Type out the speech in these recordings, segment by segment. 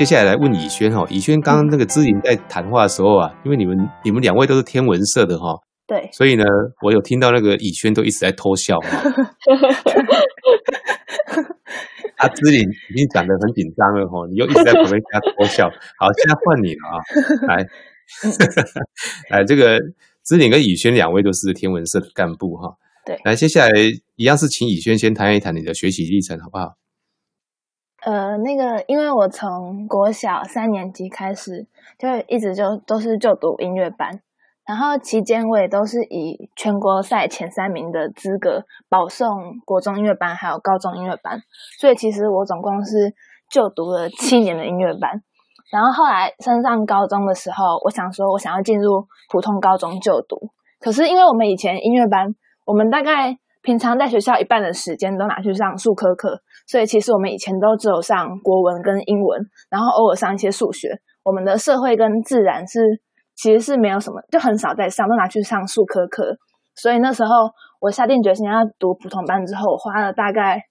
接下來來問苡瑄哦，苡瑄剛剛那個芝瓴在談話的時候啊，因為你們你們兩位都是天文社的哈，對，所以呢，我有聽到那個苡瑄都一直在偷笑， 啊，芝瓴已經講得很緊張了哈，你又一直在旁邊給他偷笑， 好，現在換你了啊，來， 來這個芝瓴跟苡瑄兩位都是天文社的幹部哈，對，來，接下來一樣是請苡瑄先談一談你的學習歷程，好不好？呃，那個，因為我從國小三年級開始就一直就都是就讀音樂班，然後期間我也都是以全國賽前三名的資格保送國中音樂班，還有高中音樂班，所以其實我總共是就讀了七年的音樂班。然後後來升上高中的時候，我想說我想要進入普通高中就讀，可是因為我們以前音樂班，我們大概平常在學校一半的時間都拿去上術科課。所以其實我們以前都只有上國文跟英文，然後偶爾上一些數學。我們的社會跟自然是其實是沒有什麼，就很少在上，都拿去上術科課。所以那時候我下定決心要讀普通班之後，我花了大概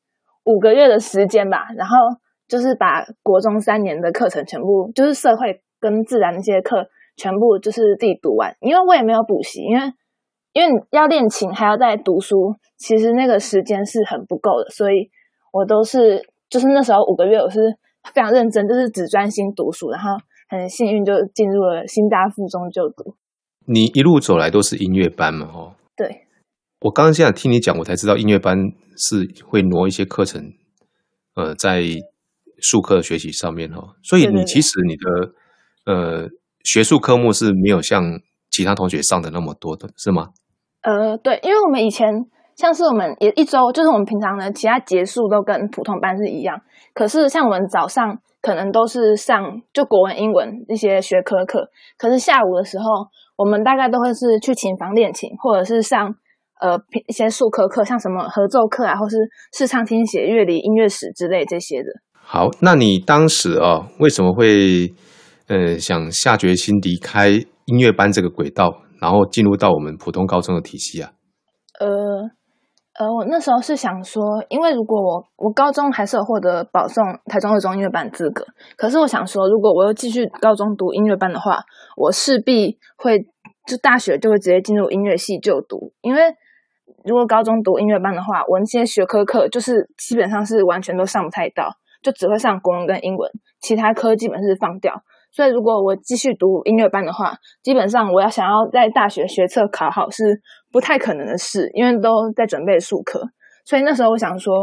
五個月的時間吧，然後就是把國中三年的課程全部，就是社會跟自然那些課全部就是自己讀完。因為我也沒有補習，因為因為要練琴還要再讀書，其實那個時間是很不夠的，所以。我都是，就是那時候五個月，我是非常認真，就是只專心讀書，然後很幸運就進入了興大附中就讀。你一路走來都是音樂班嘛，哈？對。我剛剛現在聽你講，我才知道音樂班是會挪一些課程，呃，在術科學習上面哈，所以你其實你的，對對對，呃，學術科目是沒有像其他同學上的那麼多的，是嗎？呃，對，因為我們以前。像是我們也一周，就是我們平常的其他結束都跟普通班是一樣。可是像我們早上可能都是上就國文、英文一些學科課，可是下午的時候，我們大概都會是去琴房練琴，或者是上呃一些術科課，像什麼合奏課啊，或是視唱聽寫、樂理、音樂史之類這些的。好，那你當時哦，為什麼會呃想下決心離開音樂班這個軌道，然後進入到我們普通高中的體系啊？呃。呃，我那時候是想說，因為如果我我高中還是有獲得保送台中二中音樂班資格，可是我想說，如果我又繼續高中讀音樂班的話，我勢必會就大學就會直接進入音樂系就讀，因為如果高中讀音樂班的話，我那些學科課就是基本上是完全都上不太到，就只會上國文跟英文，其他科基本是放掉，所以如果我繼續讀音樂班的話，基本上我要想要在大學學測考好是不太可能的事，因為都在準備術科，所以那時候我想說，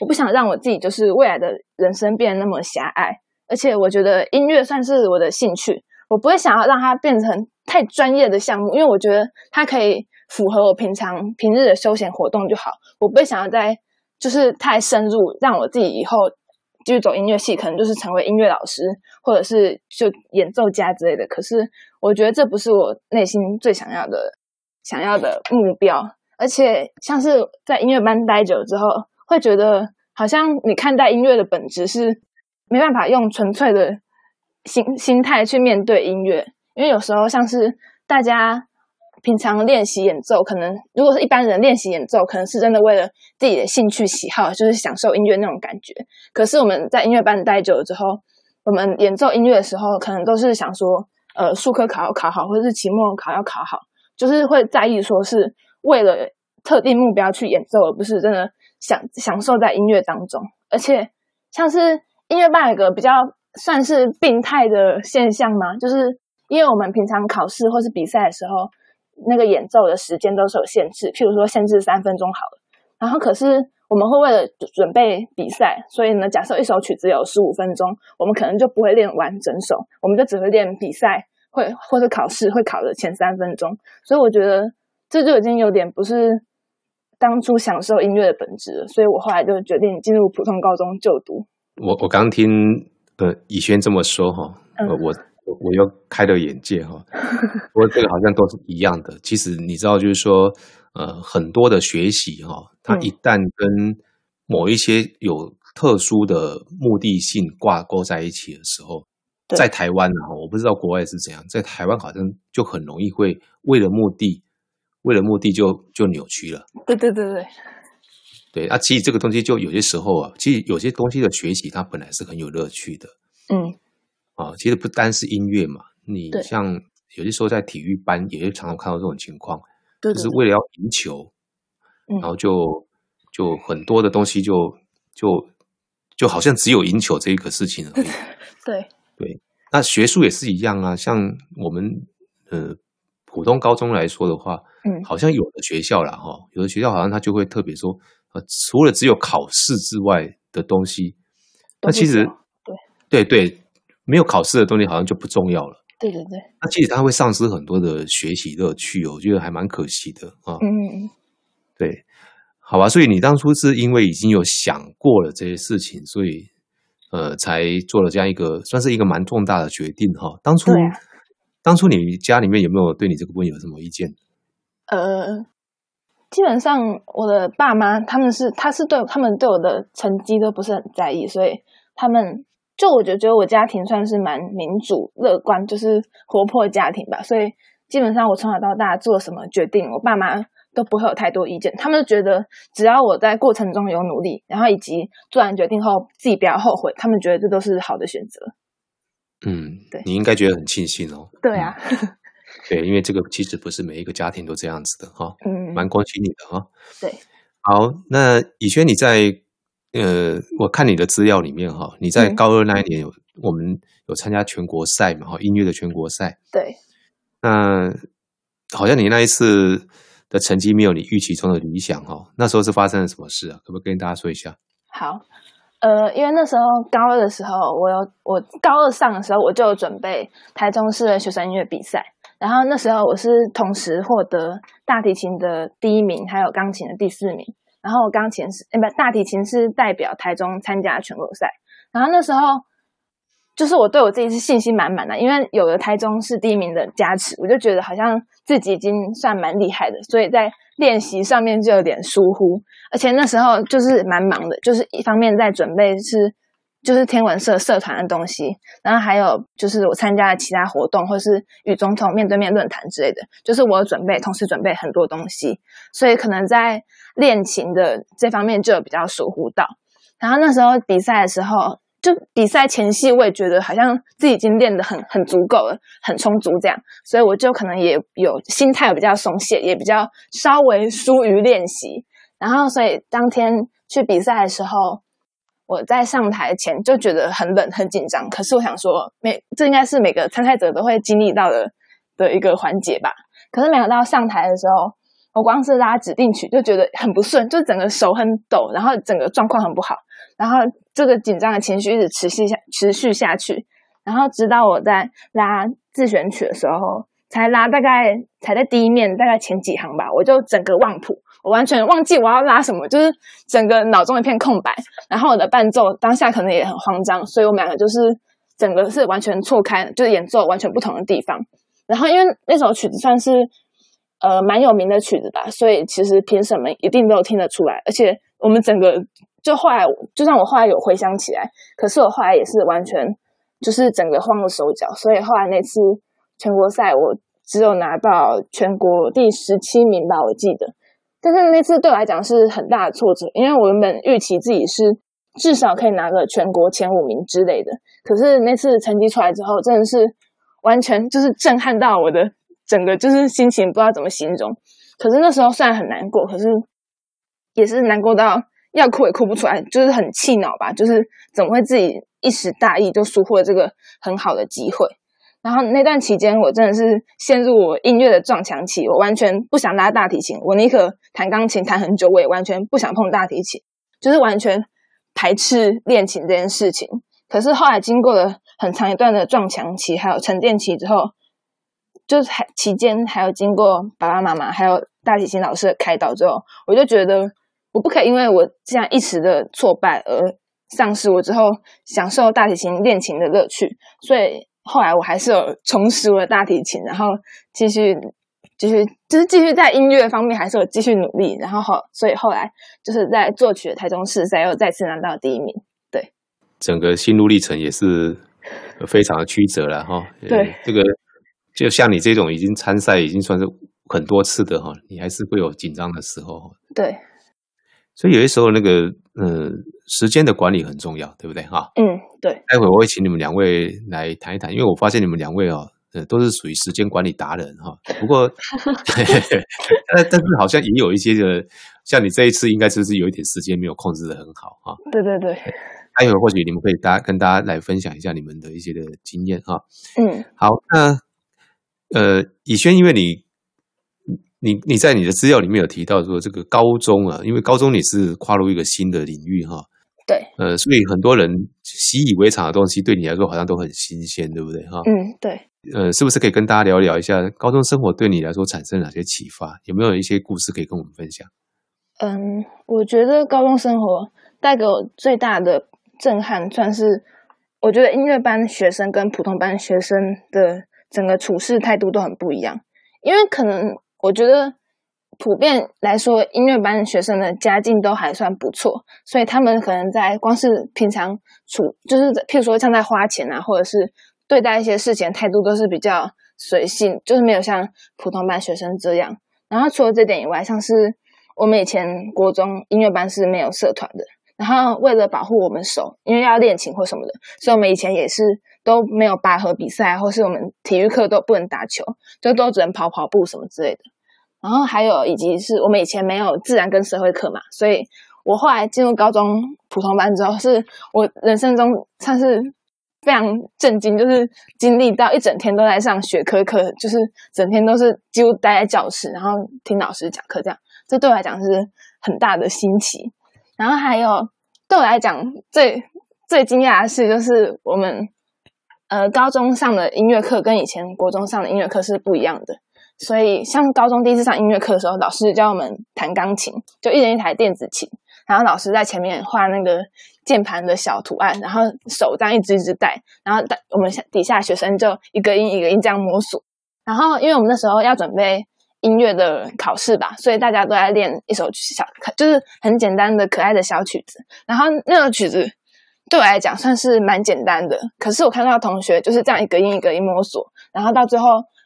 我不想讓我自己就是未來的人生變得那麼狹隘，而且我覺得音樂算是我的興趣，我不會想要讓它變成太專業的項目，因為我覺得它可以符合我平常平日的休閒活動就好，我不會想要再就是太深入，讓我自己以後繼續走音樂系，可能就是成為音樂老師，或者是就演奏家之類的，可是我覺得這不是我內心最想要的。想要的目標，而且像是在音樂班待久之後，會覺得好像你看待音樂的本質是沒辦法用純粹的心心態去面對音樂，因為有時候像是大家平常練習演奏，可能如果是一般人練習演奏，可能是真的為了自己的興趣喜好，就是享受音樂那種感覺。可是我們在音樂班待久了之後，我們演奏音樂的時候，可能都是想說，呃，術科考要考好，或者是期末考要考好。就是會在意說是為了特定目標去演奏，而不是真的享享受在音樂當中。而且，像是音樂班有個比較算是病態的現象嗎？就是因為我們平常考試或是比賽的時候，那個演奏的時間都是有限制，譬如說限制三分鐘好了。然後，可是我們會為了準備比賽，所以呢，假設一首曲子有十五分鐘，我們可能就不會練完整首，我們就只會練比賽會或者考試會考的前三分鐘，所以我覺得這就已經有點不是當初享受音樂的本質，所以我後來就決定進入普通高中就讀。我我剛聽呃苡瑄這麼說哈，呃嗯、我我我又開了眼界哈。不、哦、過這個好像都是一樣的。 其實你知道，就是說呃，很多的學習哈，它一旦跟某一些有特殊的目的性掛鈎在一起的時候。對在台灣呢、啊，我不知道國外是怎樣。在台灣好像就很容易會為了目的，為了目的就就扭曲了。對對對對，對啊，其實這個東西就有些時候啊，其實有些東西的學習它本來是很有樂趣的。嗯，啊，其實不單是音樂嘛，你像有些時候在體育班也會常常看到這種情況，對對對，就是為了要贏球，嗯、然後就就很多的東西就就就好像只有贏球這一個事情而已。對，對，對。對，那學術也是一樣啊。像我們，呃，普通高中來說的話，嗯，好像有的學校啦，哈、哦，有的學校好像他就會特別說，呃，除了只有考試之外的東西，那其實，對對對，沒有考試的東西好像就不重要了。對對對，那其實他會喪失很多的學習樂趣哦，我覺得還蠻可惜的啊。嗯、哦、嗯嗯，對，好吧。所以你當初是因為已經有想過了這些事情，所以。呃，才做了這樣一個算是一個蠻重大的決定哈。當初，對啊、當初你家裡面有沒有對你這個問題有什麼意見？呃，基本上我的爸媽他們是，他是對他們對我的成績都不是很在意，所以他們就我就覺得我家庭算是蠻民主、樂觀，就是活潑家庭吧。所以基本上我從小到大做什麼決定，我爸媽。都不會有太多意見，他們就覺得只要我在過程中有努力，然後以及做完決定後自己不要後悔，他們覺得這都是好的選擇。嗯，對。你應該覺得很慶幸哦。對啊、嗯，對，因為這個其實不是每一個家庭都這樣子的哈。的嗯，蠻關心你的哈。對，好，那苡瑄，你在呃，我看你的資料裡面哈，你在高二那一年有、嗯、我們有參加全國賽嘛？哈，音樂的全國賽。對。那好像你那一次。的成績沒有你預期中的理想哦，那時候是發生了什麼事啊？可不可以跟大家說一下？好，呃，因為那時候高二的時候，我有我高二上的時候，我就準備台中市的學生音樂比賽，然後那時候我是同時獲得大提琴的第一名，還有鋼琴的第四名，然後鋼琴是哎、欸、不，大提琴是代表台中參加全國賽，然後那時候。就是我對我自己是信心滿滿的啊，因為有了台中市第一名的加持，我就覺得好像自己已經算蠻厲害的，所以在練習上面就有點疏忽。而且那時候就是蠻忙的，就是一方面在準備是就是天文社社團的東西，然後還有就是我參加了其他活動，或是與總統面對面論壇之類的，就是我有準備，同時準備很多東西，所以可能在練琴的這方面就有比較疏忽到。然後那時候比賽的時候。就比賽前夕，我也覺得好像自己已經練得很很足夠了，很充足這樣，所以我就可能也有心態比較鬆懈，也比較稍微疏於練習。然後，所以當天去比賽的時候，我在上台前就覺得很冷、很緊張。可是我想說，每這應該是每個參賽者都會經歷到的的一個環節吧。可是沒想到上台的時候，我光是拉指定曲就覺得很不順，就整個手很抖，然後整個狀況很不好。然後這個緊張的情緒一直持續下持續下去，然後直到我在拉自選曲的時候，才拉大概才在第一面大概前幾行吧，我就整個忘譜，我完全忘記我要拉什麼，就是整個腦中一片空白。然後我的伴奏當下可能也很慌張，所以我們兩個就是整個是完全錯開，就是演奏完全不同的地方。然後因為那首曲子算是呃蠻有名的曲子吧，所以其實評審們一定都有聽得出來，而且我們整個。就後來，就算我後來有回想起來，可是我後來也是完全就是整個慌了手腳，所以後來那次全國賽，我只有拿到全國第十七名吧，我記得。但是那次對我來講是很大的挫折，因為我原本預期自己是至少可以拿個全國前五名之類的，可是那次成績出來之後，真的是完全就是震撼到我的整個，就是心情不知道怎麼形容。可是那時候雖然很難過，可是也是難過到。要哭也哭不出來，就是很氣惱吧，就是怎麼會自己一時大意就疏忽了這個很好的機會？然後那段期間，我真的是陷入我音樂的撞牆期，我完全不想拉大提琴，我寧可彈鋼琴彈很久，我也完全不想碰大提琴，就是完全排斥練琴這件事情。可是後來經過了很長一段的撞牆期，還有沉澱期之後，就是還期間還有經過爸爸媽媽還有大提琴老師的開導之後，我就覺得。我不可以因為我這樣一時的挫敗而喪失我之後享受大提琴練琴的樂趣，所以後來我還是有重拾了大提琴，然後繼續繼續就是繼續在音樂方面還是有繼續努力，然後後所以後來就是在作曲的台中市賽又再次拿到第一名。對，整個心路歷程也是非常的曲折了哈。對，這個就像你這種已經參賽已經算是很多次的哈、哦，你還是會有緊張的時候。對。所以有些時候那個，呃，時間的管理很重要，對不對？哈，嗯，對。待會我會請你們兩位來談一談，因為我發現你們兩位啊、哦，呃，都是屬於時間管理達人哈。不過，但 但是好像也有一些的，像你這一次，應該就是有一點時間沒有控制得很好哈。對對對。待會或許你們可以大跟大家來分享一下你們的一些的經驗哈。嗯，好，那，呃，苡瑄，因為你。你你在你的資料裡面有提到說，這個高中啊，因為高中你是跨入一個新的領域哈，對，呃，所以很多人習以為常的東西，對你來說好像都很新鮮，對不對哈？嗯，對，呃，是不是可以跟大家聊聊一下高中生活對你來說產生哪些啟發？有沒有一些故事可以跟我們分享？嗯，我覺得高中生活帶給我最大的震撼，算是我覺得音樂班學生跟普通班學生的整個處事態度都很不一樣，因為可能。我覺得普遍來說，音樂班學生的家境都還算不錯，所以他們可能在光是平常處，就是譬如說像在花錢啊，或者是對待一些事情態度都是比較隨性，就是沒有像普通班學生這樣。然後除了這點以外，像是我們以前國中音樂班是沒有社團的，然後為了保護我們手，因為要練琴或什麼的，所以我們以前也是。都沒有拔河比賽，或是我們體育課都不能打球，就都只能跑跑步什麼之類的。然後還有，以及是我們以前沒有自然跟社會課嘛，所以我後來進入高中普通班之後，是我人生中算是非常震驚，就是經歷到一整天都在上學科課，就是整天都是幾乎待在教室，然後聽老師講課這樣。這對我來講是很大的新奇。然後還有對我來講最最驚訝的事就是我們。呃，高中上的音樂課跟以前國中上的音樂課是不一樣的，所以像高中第一次上音樂課的時候，老師教我們彈鋼琴，就一人一台電子琴，然後老師在前面畫那個鍵盤的小圖案，然後手這樣一直一直帶，然後帶我們下底下學生就一個音一個音這樣摸索。然後因為我們那時候要準備音樂的考試吧，所以大家都在練一首小就是很簡單的可愛的小曲子，然後那個曲子。對我來講算是蠻簡單的，可是我看到同學就是這樣一個音一個音摸索，然後到最後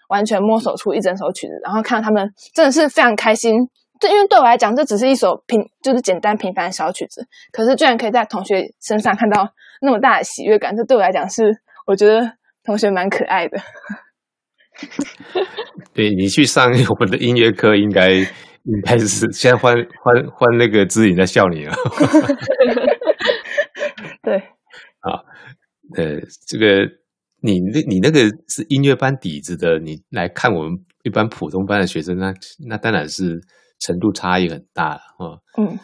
完全摸索出一整首曲子，然後看到他們真的是非常開心。這因為對我來講這只是一首平就是簡單平凡的小曲子，可是居然可以在同學身上看到那麼大的喜悅感，這對我來講是我覺得同學蠻可愛的。對，你去上我們的音樂課，應該應該是先換換換那個字影在笑你了。 呃、嗯，這個你那、你那個是音樂班底子的，你來看我們一般普通班的學生，那那當然是程度差異很大了，哦。嗯，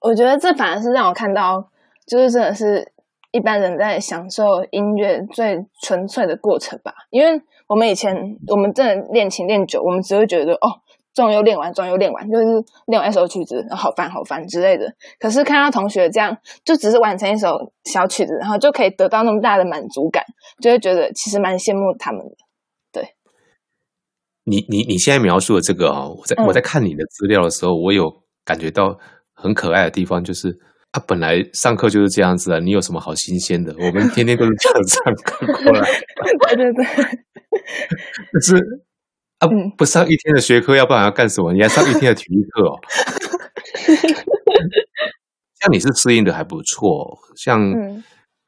我覺得這反而是讓我看到，就是真的是一般人在享受音樂最純粹的過程吧。因為我們以前我們真的練琴練久，我們只會覺得哦。終於練完，終於練完，就是練完一首曲子，好煩好煩之類的。可是看到同學這樣，就只是完成一首小曲子，然後就可以得到那麼大的滿足感，就會覺得其實蠻羨慕他們的。對，你你你現在描述的這個啊、哦，我在我在看你的資料的時候，嗯、我有感覺到很可愛的地方，就是他、啊、本來上課就是這樣子啊。你有什麼好新鮮的？我們天天都是這樣上課過來 對。對對對， 就是。啊，不上一天的學科，要不然要幹什麼？你還上一天的體育課哦。 像你是適應的還不錯，像、嗯、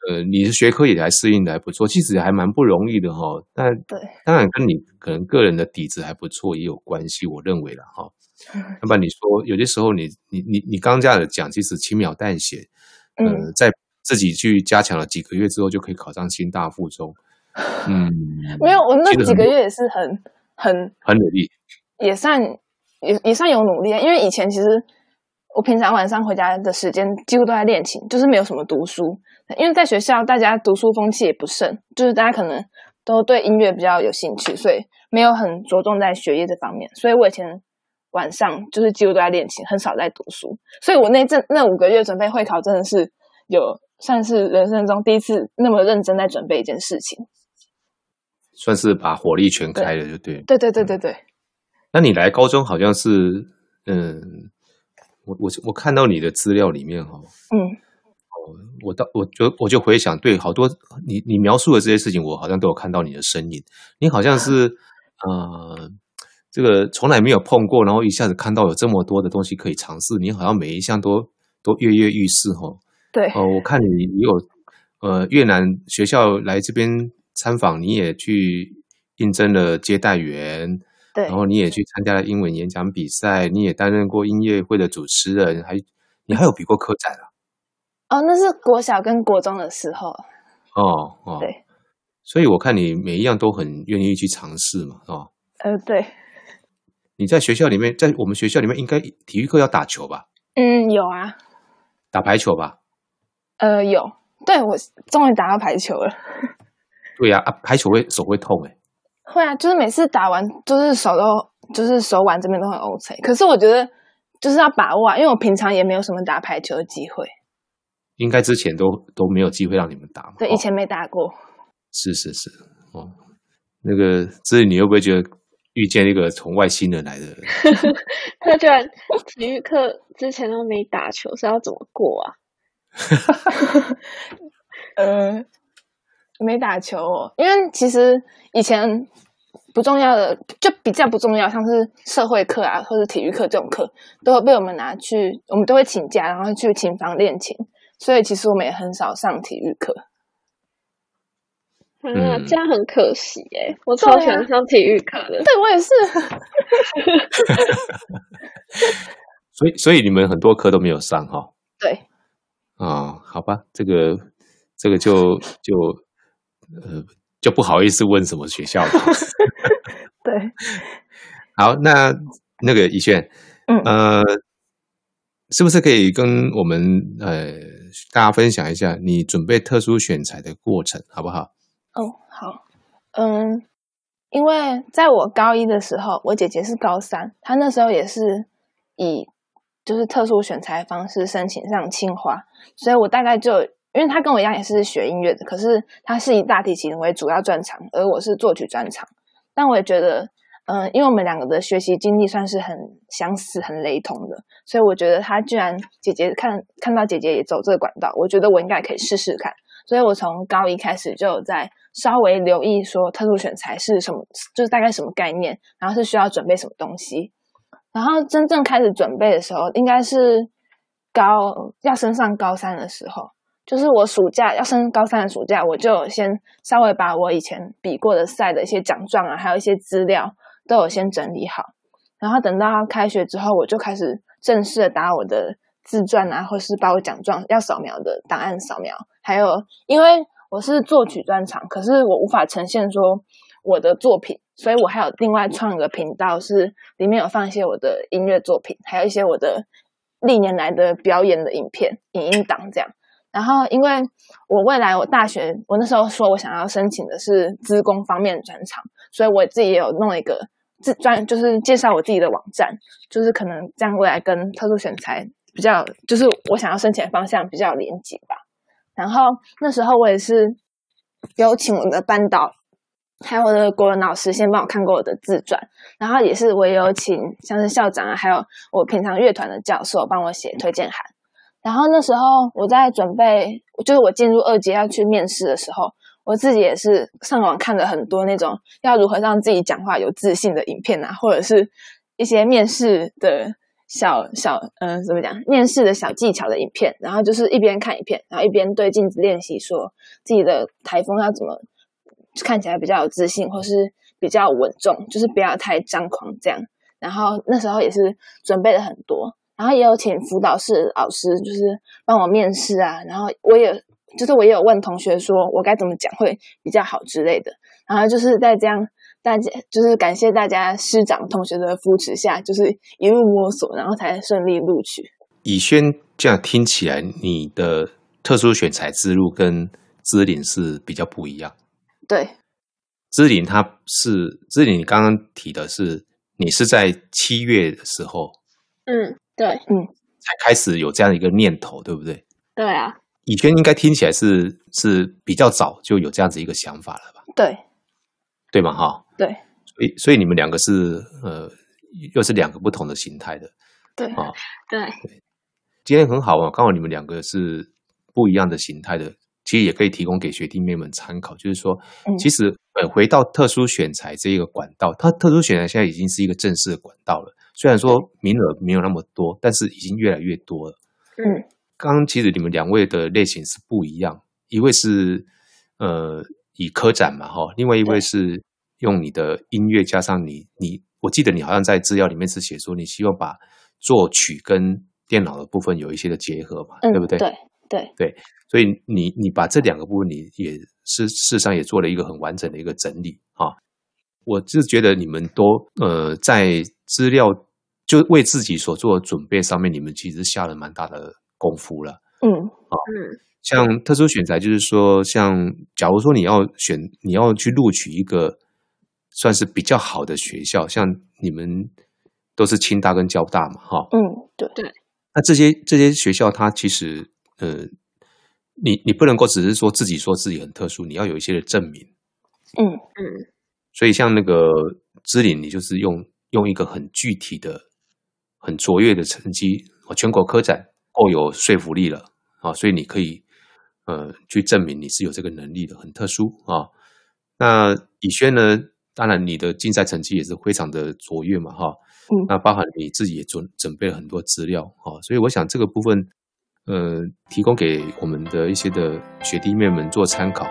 呃，你的學科也還適應的還不錯，其實還蠻不容易的哈。但對，當然跟你可能個人的底子還不錯、嗯、也有關係，我認為了哈。那麼、嗯、你說，有些時候你你你你剛這樣講，其實輕描淡寫，呃、嗯，在自己去加強了幾個月之後，就可以考上興大附中。嗯， 沒有，我那幾個月也是很。很很努力，也算也也算有努力，啊，因為以前其實我平常晚上回家的時間幾乎都在練琴，就是沒有什麼讀書，因為在學校大家讀書風氣也不盛，就是大家可能都對音樂比較有興趣，所以沒有很着重在學業這方面，所以我以前晚上就是幾乎都在練琴，很少在讀書，所以我那陣那五個月準備會考真的是有算是人生中第一次那麼認真在準備一件事情。算是把火力全開了，對，就對。對對對對對對，那你來高中好像是，嗯，我我我看到你的資料裡面哈、哦，嗯，我到，我就我就回想，對，好多你你描述的這些事情，我好像都有看到你的身影。你好像是，嗯、呃，這個從來沒有碰過，然後一下子看到有這麼多的東西可以嘗試，你好像每一項都都躍躍欲試哦。對。哦、呃，我看你也有，呃，越南學校來這邊。參訪，你也去應徵了接待員，對然後你也去參加了英文演講比賽，你也擔任過音樂會的主持人，還你還有比過科展了。哦，那是國小跟國中的時候。哦哦，哦對，所以我看你每一樣都很願意去嘗試嘛，哦，是吧？呃，對。你在學校裡面，在我們學校裡面，應該體育課要打球吧？嗯，有啊。打排球吧？呃，有。對，我終於打到排球了。對呀、啊，啊，排球會手會痛哎，會啊，就是每次打完，就是手都，就是手腕這邊都很 OK。可是我覺得就是要把握啊，因為我平常也沒有什麼打排球的機會，應該之前都都沒有機會讓你們打嘛。對，哦、以前沒打過。是是是，哦，那個，所以你會不會覺得遇見一個從外星人來的人，他 居然體育課之前都沒打球，是要怎麼過啊？ 呃。沒打球哦，因為其實以前不重要的就比較不重要，像是社會課啊或者體育課這種課，都會被我們拿去，我們都會請假，然後去琴房練琴，所以其實我們也很少上體育課。嗯，這樣很可惜耶，我超喜歡上體育課的啊。對，我也是。 所以，所以你們很多課都沒有上哈哦？對。啊，嗯，好吧，這個，這個就就。呃，就不好意思問什麼學校了。 對，好，那那個苡瑄，嗯，呃，是不是可以跟我們呃大家分享一下你準備特殊選才的過程，好不好？哦、嗯，好，嗯，因為在我高一的時候，我姐姐是高三，她那時候也是以就是特殊選才方式申請上清華，所以我大概就。因為他跟我一樣也是學音樂的，可是他是以大提琴為主要專長，而我是作曲專長。但我也覺得，嗯、呃，因為我們兩個的學習經歷算是很相似、很雷同的，所以我覺得他居然姐姐看看到姐姐也走這個管道，我覺得我應該可以試試看。所以我從高一開始就有在稍微留意說特殊選才是什麼，就是大概什麼概念，然後是需要準備什麼東西。然後真正開始準備的時候，應該是高，要升上高三的時候。就是我暑假要升高三的暑假，我就先稍微把我以前比過的賽的一些獎狀啊，還有一些資料，都有先整理好。然後等到開學之後，我就開始正式的打我的自傳啊，或是把我獎狀要掃描的檔案掃描。還有，因為我是作曲專場，可是我無法呈現說我的作品，所以我還有另外創一個頻道，是裡面有放一些我的音樂作品，還有一些我的歷年來的表演的影片、影音檔這樣。然後，因為我未來我大學我那時候說我想要申請的是資工方面的專長，所以我自己也有弄一個自傳，就是介紹我自己的網站，就是可能這樣未來跟特殊選才比較，就是我想要申請的方向比較連接吧。然後那時候我也是有請我的班導，還有我的國文老師先幫我看過我的自傳，然後也是我也有請像是校長啊，還有我平常樂團的教授幫我寫推薦函。然後那時候我在準備，就是我進入二階要去面試的時候，我自己也是上網看了很多那種要如何讓自己講話有自信的影片啊，或者是一些面試的小小嗯、呃，怎麼講？面試的小技巧的影片。然後就是一邊看影片，然後一邊對鏡子練習，說自己的台風要怎麼看起來比較有自信，或是比較穩重，就是不要太張狂這樣。然後那時候也是準備了很多。然後也有請輔導室老師，就是幫我面試啊。然後我也就是我也有問同學，說我該怎麼講會比較好之類的。然後就是在這樣，大家就是感謝大家師長同學的扶持下，就是一路摸索，然後才順利錄取。苡瑄這樣聽起來，你的特殊選材之路跟芝瓴是比較不一樣。對，芝瓴他是芝瓴，芝瓴你剛剛提的是你是在七月的時候，嗯。對，嗯，才開始有這樣的一個念頭，對不對？對啊，以前應該聽起來是是比較早就有這樣子一個想法了吧？對，對嘛嗎哈？對，所以所以你們兩個是呃，又是兩個不同的形態的。對啊、哦，對，對今天很好啊，剛好你們兩個是不一樣的形態的，其實也可以提供給學弟妹們參考，就是說，嗯、其實呃，回到特殊選才這一個管道，它特殊選才現在已經是一個正式的管道了。雖然說名額沒有那麼多，但是已經越來越多了。嗯，剛剛其實你們兩位的類型是不一樣，一位是呃以科展嘛哈，另外一位是用你的音樂加上你你，我記得你好像在資料裡面是寫說你希望把作曲跟電腦的部分有一些的結合嘛，嗯、對不對？對對對，所以你你把這兩個部分你也是事實上也做了一個很完整的一個整理啊，我是覺得你們都呃在資料。就為自己所做的準備上面，你們其實下了蠻大的功夫了。嗯，啊，嗯，像特殊選才，就是說，像假如說你要選，你要去錄取一個算是比較好的學校，像你們都是清大跟交大嘛，哈、哦，嗯，對對。那、啊、這些這些學校，它其實，呃，你你不能夠只是說自己說自己很特殊，你要有一些的證明。嗯嗯。嗯所以像那個資歷，你就是用用一個很具體的。很卓越的成績，全國科展夠有說服力了，啊，所以你可以，呃，去證明你是有這個能力的，很特殊啊、哦。那苡瑄呢，當然你的競賽成績也是非常的卓越嘛，哈、哦，嗯，那包含你自己也準準備了很多資料啊、哦，所以我想這個部分，呃，提供給我們的一些的學弟妹們做參考。